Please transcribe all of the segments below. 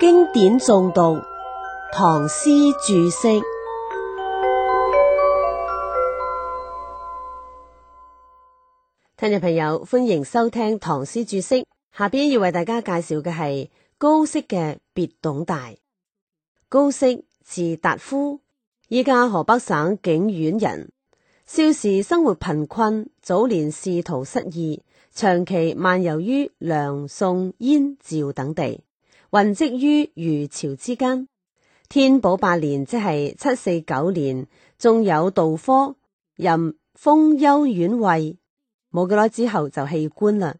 經典誦讀，唐詩注釋。聽眾朋友，歡迎收聽唐詩注釋。下邊要為大家介紹嘅係高適嘅別董大。高適，字達夫，依家河北省景縣人。少時生活貧困，早年仕途失意，長期漫遊於梁、宋、燕、趙等地。混跡於漁樵之間。天寶八年，即係七四九年，仲有道科任封丘縣尉，冇幾耐之後就棄官啦。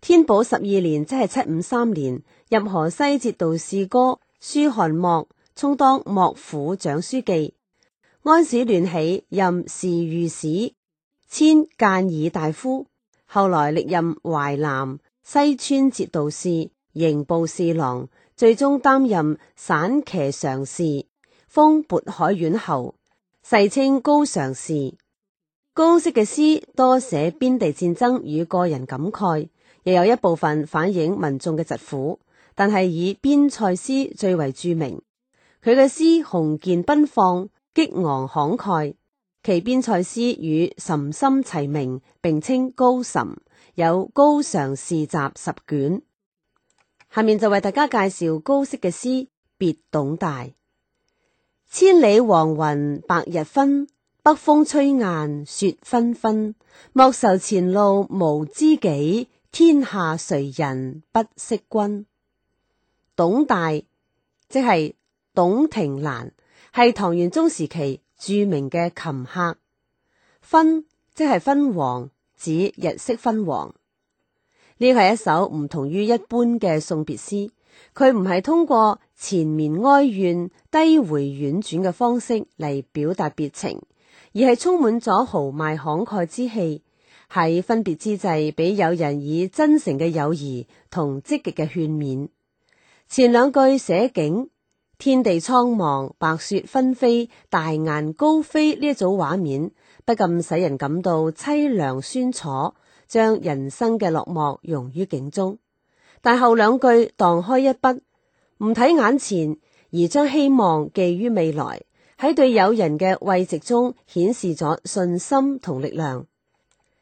天寶十二年，即係七五三年，任河西節度使哥舒翰幕，充當幕府長書記。安史亂起，任侍御史，遷諫議大夫，後來歷任淮南、西川節度使。刑部侍郎，最終擔任散騎常侍，封渤海縣侯，世稱高常侍。高適嘅詩多寫邊地戰爭與個人感慨，亦有一部分反映民眾嘅疾苦，但係以邊塞詩最為著名。佢嘅詩雄健奔放，激昂慷慨，其邊塞詩與岑參齊名，並稱高岑。有《高常侍集》十卷。下面就為大家介紹高適嘅詩《別董大》：千里黃雲白日昏，北風吹雁雪紛紛。莫愁前路無知己，天下誰人不識君？董大即係董庭蘭，係唐玄宗時期著名嘅琴客。昏即係昏黃，指日色昏黃。呢個係一首唔同於一般嘅送別詩，佢唔係通過前面哀怨、低回婉轉嘅方式嚟表達別情，而係充滿咗豪邁慷慨之氣，喺分別之際俾友人以真誠嘅友誼同積極嘅勸勉。前兩句寫景，天地蒼茫，白雪紛飛，大雁高飛呢一組畫面，不禁使人感到淒涼酸楚。將人生嘅落寞融於景中，但後兩句蕩開一筆，唔睇眼前，而將希望寄於未來。喺對友人嘅慰藉中，顯示咗信心同力量。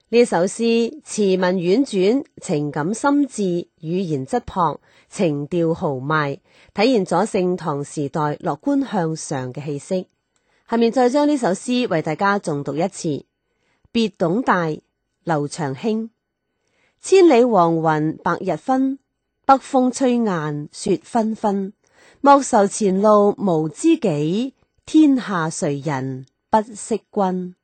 呢首詩詞文婉轉，情感深摯，語言質樸，情調豪邁，體現咗盛唐時代樂觀向上嘅氣息。下面再將呢首詩為大家誦讀一次：別董大。劉長卿：千里黃雲白日昏，北風吹雁雪紛紛。莫愁前路無知己，天下誰人不識君？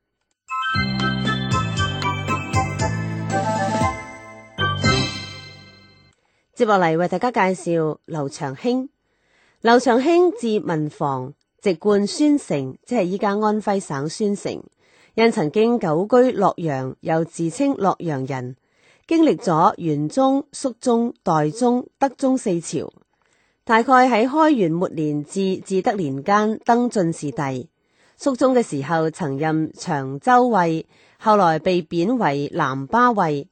接落嚟為大家介紹劉長卿。劉長卿字文房，籍貫宣城，即係依家安徽省宣城。因曾經久居洛陽，又自稱洛陽人，經歷咗玄宗、肅宗、代宗、德宗四朝，大概喺開元末年至至德年間登進士第。肅宗嘅時候，曾任長州尉，後來被貶為南巴尉。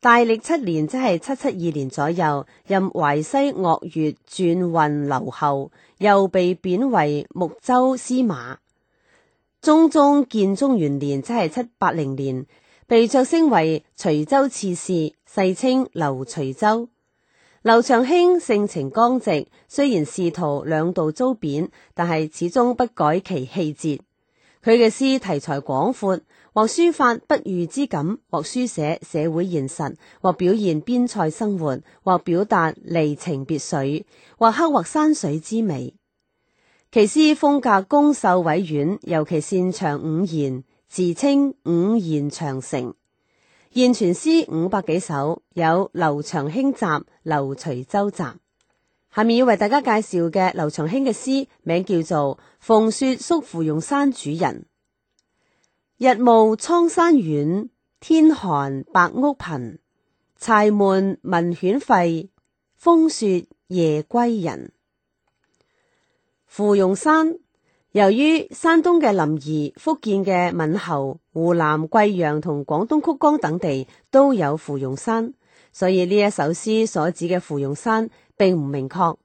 大歷七年，即係七七二年左右，任淮西鄂岳轉運留後，又被貶為睦州司馬。中，中建宗建中元年，即係七八零年，被擢升為隨州刺史，世稱劉隨州。劉長卿性情剛直，雖然仕途兩度遭貶，但係始終不改其氣節。佢嘅詩題材廣闊，或抒發不遇之感，或書寫社會現實，或表現邊塞生活，或表達離情別緒，或刻畫山水之美。其詩風格工秀委婉，尤其擅長五言，自稱五言長城。現存詩五百幾首，有《劉長卿集》《劉隨州集》。下面要為大家介紹嘅劉長卿嘅詩，名叫做《逢雪宿芙蓉山主人》。日暮蒼山遠，天寒白屋貧。柴門聞犬吠，風雪夜歸人。芙蓉山，由於山東嘅臨沂、福建嘅閩侯、湖南桂陽同廣東曲江等地都有芙蓉山，所以呢一首詩所指嘅芙蓉山並唔明確。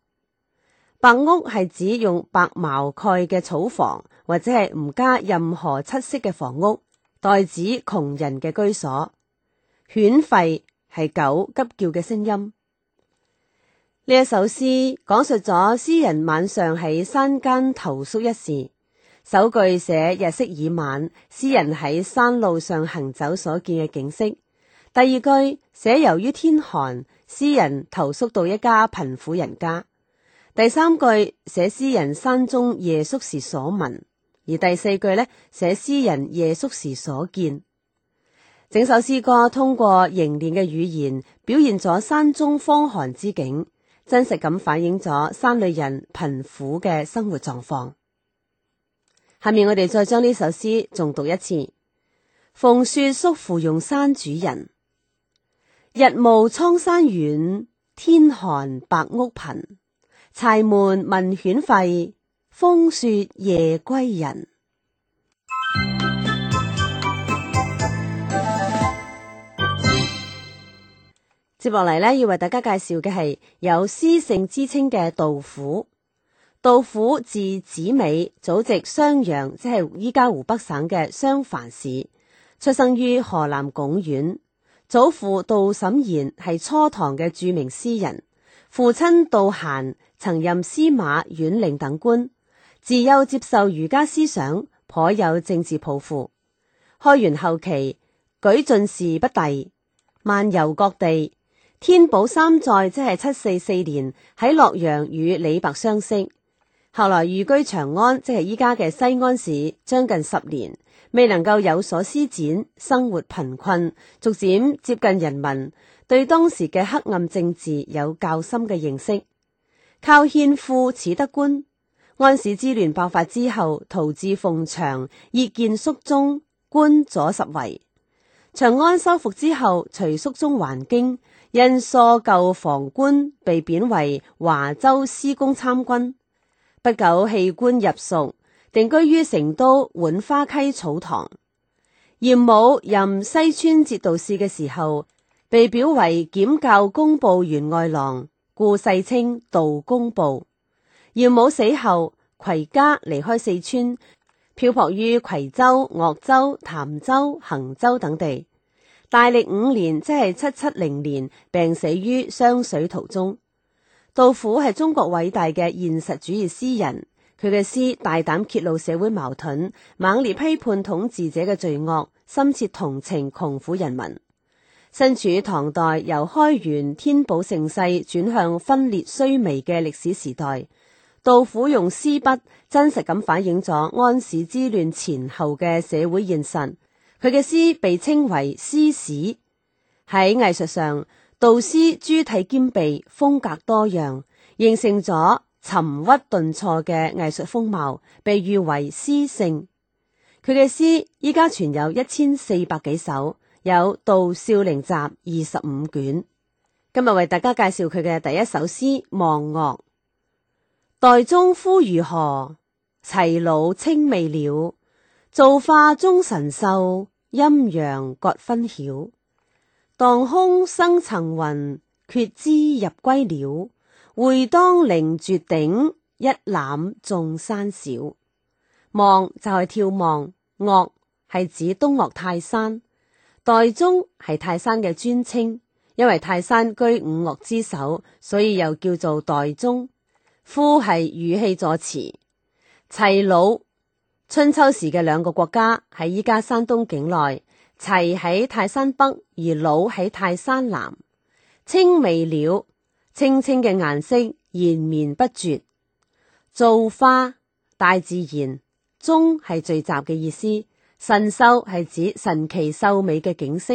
白屋係指用白茅蓋嘅草房，或者係唔加任何漆色嘅房屋，代指窮人嘅居所。犬吠係狗急叫嘅聲音。呢一首詩講述咗詩人晚上喺山間投宿一事。首句寫日色已晚，詩人喺山路上行走所見嘅景色。第二句寫由於天寒，詩人投宿到一家貧苦人家。第三句寫詩人山中夜宿時所聞，而第四句咧寫詩人夜宿時所見。整首詩歌通過凝練嘅語言，表現咗山中荒寒之景。真實咁反映咗山裏人貧苦嘅生活狀況。下面我哋再將呢首詩重讀一次：逢雪宿芙蓉山主人，日暮蒼山遠，天寒白屋貧。柴門聞犬吠，風雪夜歸人。接落嚟咧，要為大家介紹嘅係有詩聖之稱嘅杜甫。杜甫字子美，祖籍襄陽，即係依家湖北省嘅襄樊市，出生於河南鞏縣。祖父杜審言係初唐嘅著名詩人，父親杜閒曾任司馬、縣令等官。自幼接受儒家思想，頗有政治抱負。開元後期舉進士不第，漫遊各地。天寶三載，即係七四四年，喺洛陽與李白相識。後來寓居長安，即係依家嘅西安市，將近十年，未能夠有所施展，生活貧困，逐漸接近人民，對當時嘅黑暗政治有較深嘅認識。靠獻賦始得官。安史之亂爆發之後，逃至鳳翔，謁見肅宗官左拾遺。長安收復之後，隨肅宗還京。因疏救房官，被貶為華州司功參軍，不久棄官入蜀，定居於成都浣花溪草堂。嚴武任西川節度使嘅時候，被表為檢校工部員外郎，故世稱杜工部。嚴武死後，攜家離開四川，漂泊於夔州、鄂州、潭州、衡州、州等地。大歷五年，即係七七零年，病死於湘水途中。杜甫係中國偉大嘅現實主義詩人，佢嘅詩大膽揭露社會矛盾，猛烈批判統治者嘅罪惡，深切同情窮苦人民。身處唐代由開元天寶盛世轉向分裂衰微嘅歷史時代，杜甫用詩筆真實咁反映咗安史之亂前後嘅社會現實。佢嘅詩被稱為詩史，喺藝術上，杜詩諸體兼備，風格多樣，形成咗沉鬱頓挫嘅藝術風貌，被譽為詩聖。佢嘅詩依家存有一千四百幾首，有《杜少陵集》二十五卷。今日為大家介紹佢嘅第一首詩《望嶽》：岱宗夫如何？齊魯青未了。造化鍾神秀。陰陽割分曉，盪胸生層雲，決眥入歸鳥。會當凌絕頂，一覽眾山小。望就係眺望，岳係指東岳泰山，岱宗係泰山嘅尊稱。因為泰山居五岳之首，所以又叫做岱宗。夫係語氣助詞，齊魯。春秋時嘅兩個國家喺依家山東境內，齊喺泰山北，而魯喺泰山南。青未了，青青嘅顏色延綿不絕。造化大自然，鍾係聚集嘅意思。神秀係指神奇秀美嘅景色。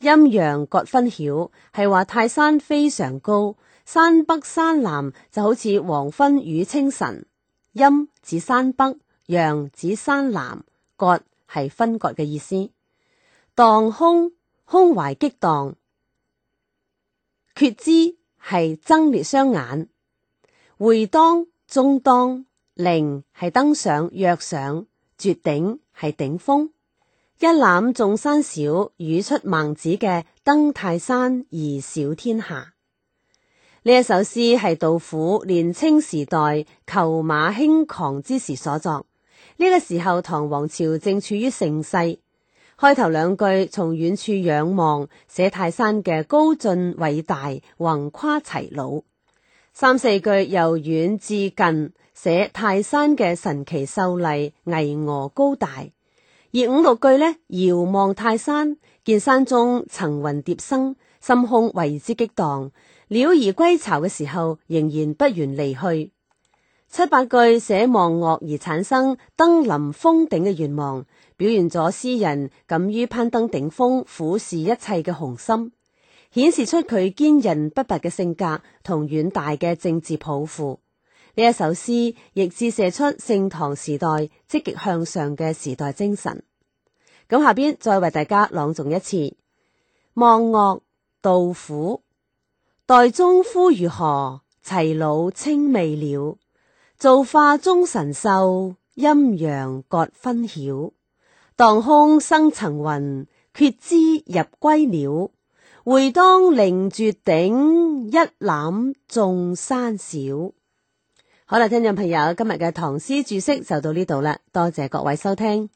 陰陽割分曉，係話泰山非常高，山北山南就好似黃昏與清晨。陰指山北。陽指山南，割係分割嘅意思。蕩胸，胸懷激蕩；決眥係睜裂雙眼。會當，中當，凌係登上、躍上。絕頂係頂峰。一覽眾山小，語出孟子嘅《登泰山而小天下》。呢一首詩係杜甫年青時代裘馬輕狂之時所作。呢個時候，唐王朝正處於盛世。開頭兩句從遠處仰望寫泰山嘅高峻偉大、橫跨齊魯。三四句由遠至近寫泰山嘅神奇秀麗、巍峨高大。而五六句呢，遙望泰山，見山中層雲疊生，心胸為之激盪。鳥兒歸巢嘅時候，仍然不願離去。七八句寫望岳而產生登臨峰頂嘅願望，表現咗詩人敢於攀登頂峰、俯視一切嘅雄心，顯示出佢堅韌不拔嘅性格同遠大嘅政治抱負。呢一首詩亦至寫出盛唐時代積極向上嘅時代精神。咁下邊再為大家朗誦一次《望岳》。杜甫：岱宗夫如何？齊魯青未了。造化鐘神秀，陰陽割分曉。蕩胸生層雲，決眥入歸鳥。會當凌絕頂，一覽眾山小。好啦，聽眾朋友，今日嘅唐詩注釋就到呢度啦，多謝各位收聽。